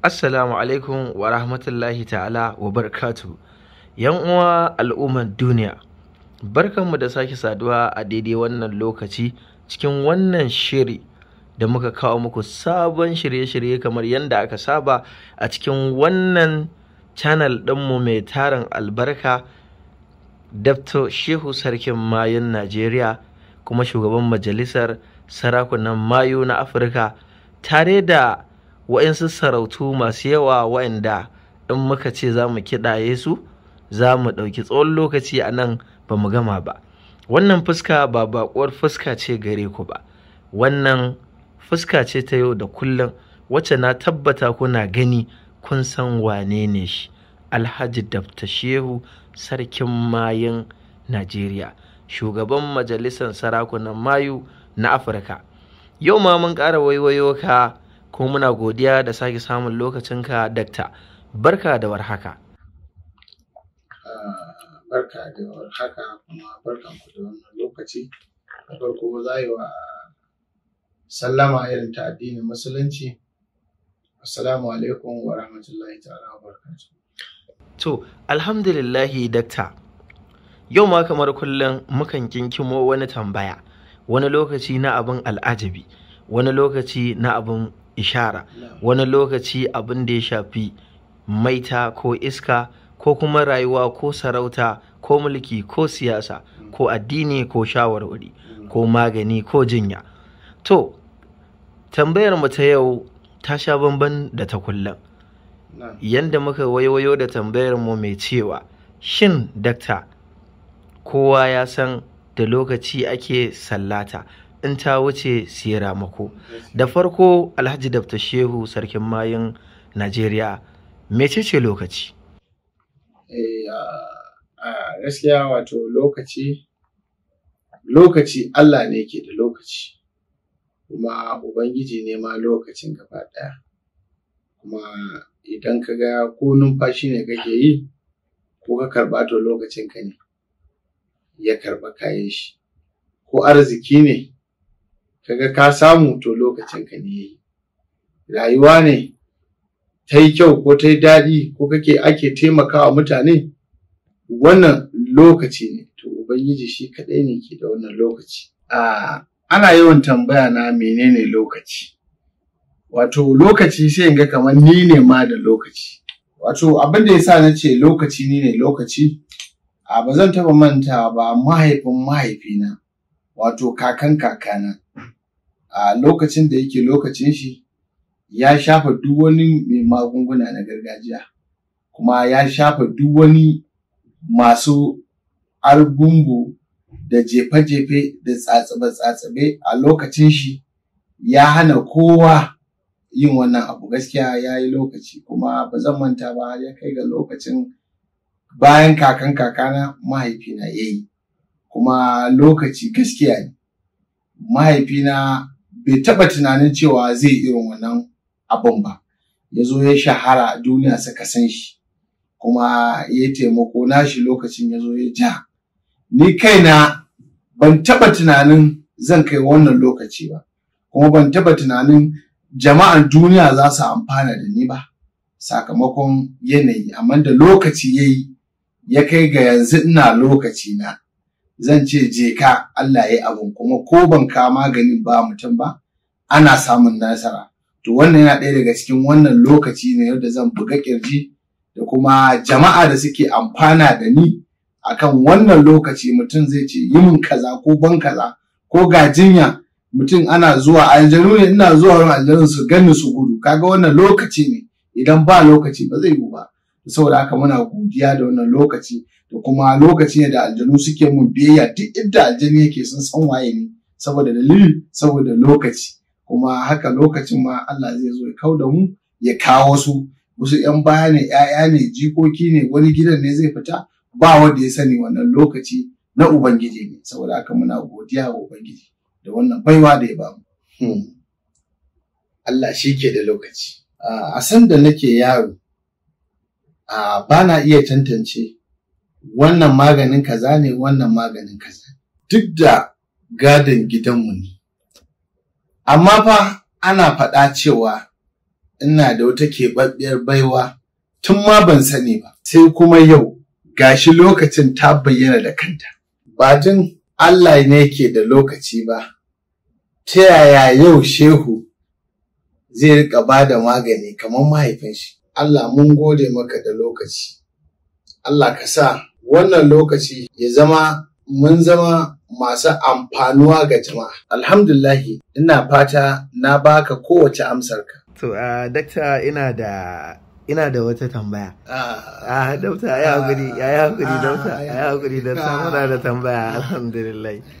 Assalamu alaikum wa rahmatullahi ta'ala wa barkatu. Yan uwa al'ummar duniya, barkanmu da sake saduwa a daidai wannan lokaci cikin wannan shiri da muka kawo muku sabon shirye-shirye kamar yadda aka saba a cikin wannan channel ɗinmu mai tarin albarka dafto Shehu Sarkin Mayun Najeriya kuma shugaban majalisar sarakunan mayu na Afirka tare da Waɗansu sarautu masu yawa waɗanda in muka ce za mu kiɗaye su za mu ɗauki tsawon lokaci a nan ba mu gama ba wannan fuska ba baƙuwar fuska ce gare ku ba wannan fuska ce ta yau da kullum wacce na tabbata kuna gani kun san wane ne shi alhaji dabta shehu sarkin Mayin, najeriya shugaban majalisar sarakunan mayu na afirka yau ma mun ƙara waiwayo ka Ko muna godiya da sake samun lokacinka dakta barka da warhaka ah, barka da warhaka kuma barkan ku da wannan lokaci da farko za yi wa sallama irin ta addinin musulunci assalamu alaikum wa rahmatullahi ta'ala wa to alhamdulillahi dakta yau ma kamar kullum mukan kinkimo wani tambaya wani lokaci na abin al'ajabi wani lokaci na abin ishara wani lokaci abin da ya shafi maita ko iska ko kuma rayuwa ko sarauta ko mulki ko siyasa ko addini ko shawarwari ko magani ko jinya to tambayar mu ta yau ta sha bamban da ta kullum yanda muka wayoyo da tambayar mu mai cewa shin dakta kowa ya san da lokaci ake sallata in ta wuce su mako, da farko alhaji dafta shehu sarkin mayun najeriya mecece lokaci eh, gaskiya wato lokaci lokaci allah ne ke da lokaci kuma ubangiji ne ma lokacin gaba ɗaya kuma idan ka ga ko numfashi ne kake yi ko ka karba to lokacin ka ne ya karɓa kayan shi ko arziki ne kaga ka samu to lokacin ka ne yayi rayuwa ne ta yi kyau ko ta yi daɗi ko kake ake taimakawa mutane wannan lokaci ne to ubangiji shi kaɗai ne ke da wannan lokaci ana yawan tambaya na menene lokaci wato lokaci sai in ga kamar ni ne ma da lokaci wato abin da yasa na ce lokaci ni ne lokaci a ba zan taɓa manta ba mahaifin mahaifina wato kakan kakana a lokacin da yake lokacin shi ya shafa duk wani mai magunguna na gargajiya kuma ya shafa duk wani masu argungu da jefe-jefe da tsatsabe-tsatsabe a lokacin shi ya hana kowa yin wannan abu gaskiya ya yi lokaci kuma ba zan manta ba ya kai ga lokacin bayan kakan kakana mahaifina ya yi kuma lokaci gaskiya ne mahaifina bai taɓa tunanin cewa zai irin wannan abin ba ya zo ya shahara duniya suka san shi kuma ya taimako na shi lokacin ya zo ya ja ni kaina ban taɓa tunanin zan kai wannan lokaci ba kuma ban taɓa tunanin jama'an duniya za su amfana da ni ba sakamakon yanayi amma da lokaci ya yi ya kai ga yanzu ina lokaci na zan ce je ka Allah ya yi abin kuma ko ban ka maganin ba mutum ba ana samun nasara to wannan yana ɗaya daga cikin wannan lokaci ne yadda zan buga kirji da kuma jama'a da suke amfana da ni akan wannan lokaci mutum zai ce yi min kaza ko ban kaza ko ga jinya mutum ana zuwa aljanu ne ina zuwa wurin aljanu su gani su gudu kaga wannan lokaci ne idan ba lokaci ba zai yiwu ba saboda haka muna godiya da wannan lokaci da kuma lokaci ne da aljanu suke mun biyayya duk inda aljanu yake sun san waye ne saboda dalili saboda lokaci kuma haka lokacin ma Allah zai zo ya kau da mu ya kawo su wasu yan baya ne ‘ya'ya ne jikoki ne wani gidan ne zai fita ba wanda ya sani wannan lokaci na ubangiji ne saboda haka muna godiya wa ubangiji da wannan baiwa da ya mu hmm. Allah shi ke da lokaci. A san da nake yaro, ba na iya tantance wannan maganin kaza ne wannan maganin kaza duk da gadon gidanmu ne amma fa ana faɗa cewa ina da wata keɓaɓɓiyar baiwa tun ma ban sani ba sai kuma yau gashi lokacin ta bayyana da kanta ba tun Allah ne ke da lokaci ba ta yaya yau shehu zai rika ba da magani kamar mahaifin shi Allah mun gode maka da lokaci Allah ka sa wannan lokaci ya zama mun zama masu amfanuwa ga jama'a. Alhamdulahi ina fata na baka kowace amsarka. To, uh, dakta ina da ina da wata tambaya. Ah, dauta ya hakuri, ya yi hakuri dauta, ya yi hakuri dauta muna da tambaya alhamdulillah.